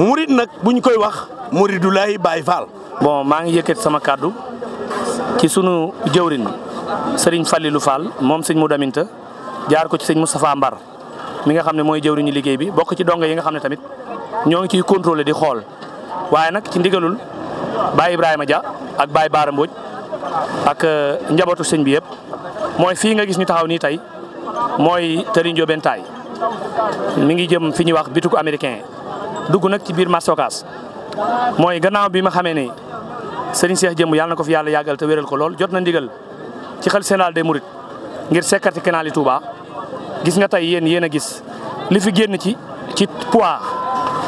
murid nag buñ koy wax muridulaay Baay Faal. bon maa ngi yëkkat sama kàddu ci sunu jëwrin sëriñ Fallilou Fall moom sëñ mu daminta jaar ko ci sëñ Moustapha Mbar mi nga xam ne mooy jëwriñu liggéey bi bokk ci dongo yi nga xam ne tamit ñoo ngi ciy contrôler di xool waaye nag ci ndigalul Baay Ibrahima Dia ak Baay Baara Mbodj ak euh, njabootu sëñ bi yëpp mooy fi nga gis ñu taxaw nii tey mooy Tëriñ Joobentaay mi ngi jëm fi ñuy wax bituk américain dugg nag ci biir marché mooy gannaaw bi ma xamee ni Serigne Cheikh Jëmb yàlla na ko fi yàlla yàggal te wéral ko lool jot na ndigal ci xel général des Mourides ngir sekkarti canal yi Touba gis nga tey yéen yéen a gis li fi génn ci ci poids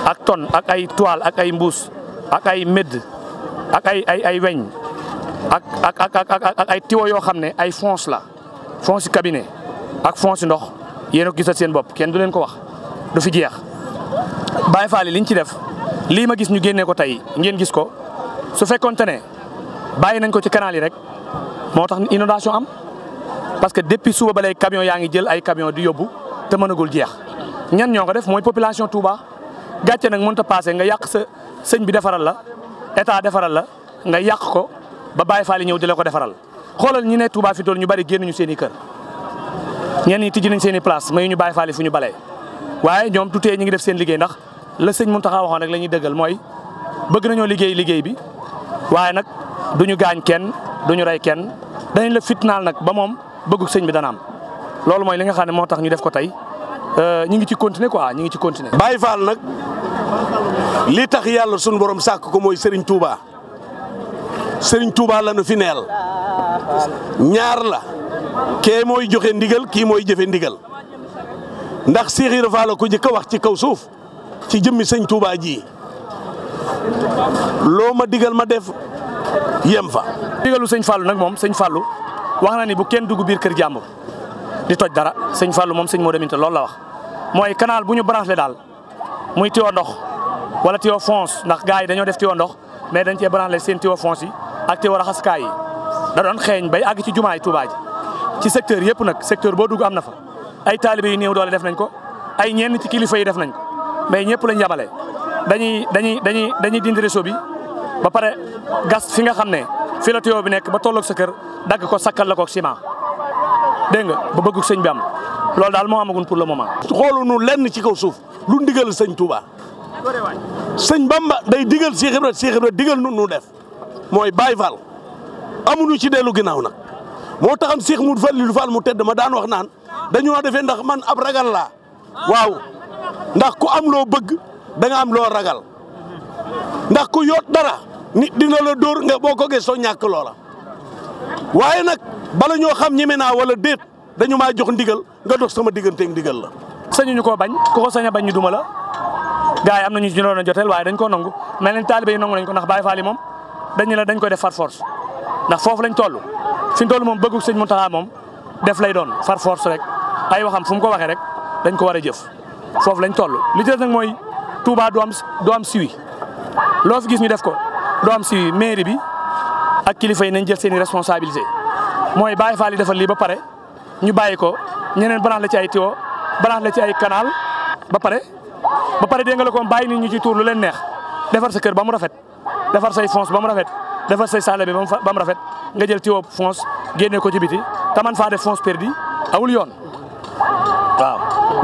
ak ton ak ay toil ak ay mbuus ak ay médd ak ay weñ ak ak ak ay tiwo yoo xam ne ay fonce la fonce cabinet ak fonce ndox yéen a gisal seen bopp kenn du leen ko wax du fi jeex Baye li liñ ci def lii ma gis ñu génnee ko tey ngeen gis ko su fekkonte ne bàyyi nañ ko ci canal yi rek moo tax inondation am parce que depuis suba ba lay yaa ngi jël ay camion di yóbbu te mënagul jeex ñan ñoo ko def mooy population Touba gàcce nag mënut a paase nga yàq sa sëñ bi defaral la état defaral la nga yàq ko ba Baye Fall ñëw di la ko defaral xoolal ñu ne Touba fi toll ñu bari génnuñu seen i kër ñenn ñi tijji nañ seen i place may ñu Baye Fall fu ñu balee waaye ñoom tutee ñi ngi def seen liggéey ndax la sëñ taxa waxoon rek la ñuy dëggal mooy bëgg nañoo liggéey liggéey bi waaye nag du ñu gaañ kenn du ñu rey kenn danañ la fitnaal nag ba moom bëggu sëñ bi dana am loolu mooy li nga xam ne moo tax ñu def ko tey euh, ñu ngi ci continuer quoi ñu ngi ci continuer. Baye Fall li tax yàlla sunu borom sàkk ko mooy Serigne Touba Serigne Touba la nu fi ñaar la kee mooy joxe ndigal kii mooy jëfe ndigal ndax Cheikh Ibra Fall ko njëkk a wax ci kaw suuf. ci jëmmi sëñ Touba ji loo ma digal ma def yem fa. digalu sëñ fallu nag moom sëñ Fallou wax na ni bu kenn dugg biir kër jàmbur di toj dara sëñ Fallou moom sëñ moo deminte loolu la wax mooy canal bu ñu branché daal muy tiwo ndox wala tiwo fonce ndax gaa yi dañoo def tiwo ndox mais dañ cee branché seen tiwo fonce yi ak tiwo raxasukaay yi da doon xeeñ bay àgg ci jumaay Touba ji ci secteur yëpp nag secteur boo dugg am na fa ay taalibe yu néew doole def nañ ko ay ñenn ci kilifa yi def nañ ko mais ñëpp lañ yabale dañuy dañuy dañuy dañuy dindi réseau bi ba pare gas fi nga xam ne fi la bi nekk ba tolloog sa kër dagg ko sakkal la ko ciment dégg nga ba bëggu sëñ bi am loolu daal moo amagun pour le moment. xooluñu lenn ci kaw suuf lu ndigal sëñ Touba sëñ Bamba day digal Cheikh Ibrahima Cheikh Ibrahima digal nu nu def mooy Baye Fall amuñu ci dellu ginnaaw na moo taxam Cheikh Moudou Fall lu Fall mu tedd ma daan wax naan dañoo defee ndax man ab ragal laa waaw. ndax ku am loo bëgg da am loo ragal ndax ku yoot dara nit dina la dóor boo ko gisoo ñàkk loola waaye nag bala ñoo xam ñeme naa wala déet dañu maa jox ndigal nga dox sama digganteeg ndigal la. sañu ñu koo bañ ku ko sañ a bañ ñu duma la gars yi am nañu ñu doon a joteel waaye dañ koo nangu mel ni taalibe yi nangu nañ ko ndax Baye Fall moom dañu la dañ koy def far force ndax foofu lañ toll fi ñu moom bëggu sëñ Mountakha moom def lay doon far force rek ay waxam fu mu ko waxee rek dañ ko war a jëf. foofu lañ toll li ci nag mooy Touba du am du loo fi gis ñu def ko du am suivi mairie bi ak kilifa yi nañ jël seen i responsabilité mooy Baye Fall li defal lii ba pare ñu bàyyi ko ñeneen balaax la ci ay tiwo balaax la ci ay kanaal ba pare ba pare dégg nga la ko bàyyi nit ñi ci tuur lu leen neex defar sa kër ba mu rafet defar say fonce ba mu rafet defar say salle bi ba mu rafet nga jël tiwo fonce génne ko ci biti taman faa def fonce perdu awul yoon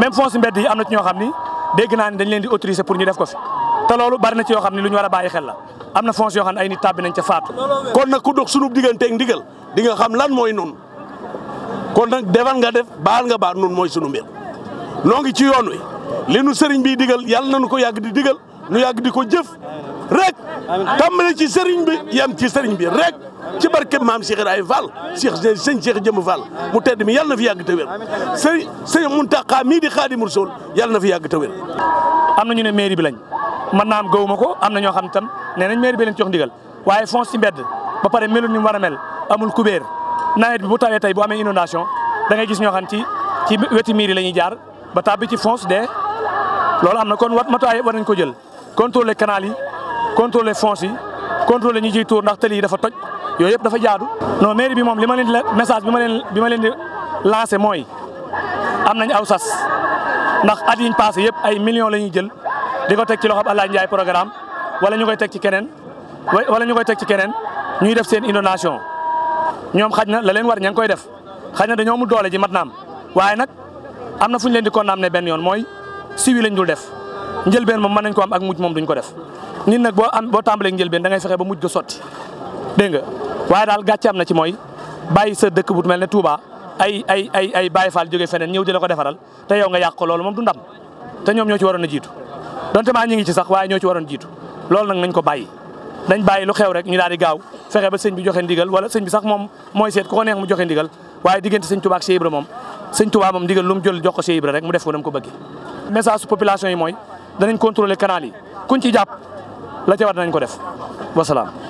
même fond si mbedd yi am na ci ñoo xam ni dégg naa ni dañ leen di autoriser pour ñu def ko te loolu bari na ci yoo xam ne lu ñu war a bàyyi xel la am na fonds yoo xam ne ay nit tàbbi nañ ca faatu. kon nag ku dox sunu digganteeg ndigal di nga xam lan mooy nun kon nag defal nga def baal nga baal nun mooy sunu mbir noo ngi ci yoon wi li nu sëriñ bi digal na nañu ko yàgg di digal nu yàgg di ko jëf rek tàmbale ci sëriñ bi yam ci sëriñ bi rek ci barke maam Cheikh Ibrahima Fall Cheikh sëñ Cheikh Jëmm Fall mu tedd mi yàlla na fi yàgg te wér sëñ sëñ Muntaxa mii di Xaadimu Rasuul yàlla na fi yàgg te wér am na ñu ne mairie bi lañ mën naa am gawuma ko am na ñoo xam tam nee nañ mairie bi lañ jox ndigal waaye fond si mbedd ba pare melu ni mu war a mel amul kubéer nawet bi bu tawee tey bu amee inondation da ngay gis ñoo xam ci ci weti miir la ñuy jaar ba tàbbi ci fonds de loolu am na kon wat matuwaay war nañ ko jël contrôler canal yi contrôler fonds yi contrôler ñi ciy tuur ndax tëli yi dafa toj yooyu yëpp dafa jaadu. noo mairie bi moom li ma leen di message bi ma leen bi ma leen di lancé mooy am nañ aw sas ndax at yiñ passé yëpp ay millions la ñuy jël di ko teg ci loxob Alaaji Njaay programme wala ñu koy teg ci keneen wala ñu koy teg ci keneen ñuy def seen inondation ñoom xaj na la leen war ña koy def xaj na dañoo mu doole ji mat naam waaye nag am na fu ñu leen di condamné benn yoon mooy suivi lañ dul def. njëlbeen moom mën nañ ko am ak mujj moom duñ ko def nit nag boo am njëlbeen da ngay ba mujj ga sotti dégg nga waaye daal gàcce am na ci mooy bàyyi sa dëkk bu mel ne Touba ay ay ay ay Baye Fall jógee feneen ñëw di la ko defaral te yow nga yàq ko loolu moom du ndam te ñoom ñoo ci waroon a jiitu donte maa ñi ngi ci sax waaye ñoo ci waroon jiitu loolu nag nañ ko bàyyi dañ bàyyi lu xew rek ñu daal di gaaw fexe ba sëñ bi joxe ndigal wala sëñ bi sax moom mooy seet ku ko neex mu joxe ndigal waaye diggante sëñ Touba ak Cheikh Ibra moom sëñ ko Cheikh mu def ko na ko bëggee message su yi mooy danañ contrôler canal yi kuñ ci jàpp la ca war danañ ko def wasalaam.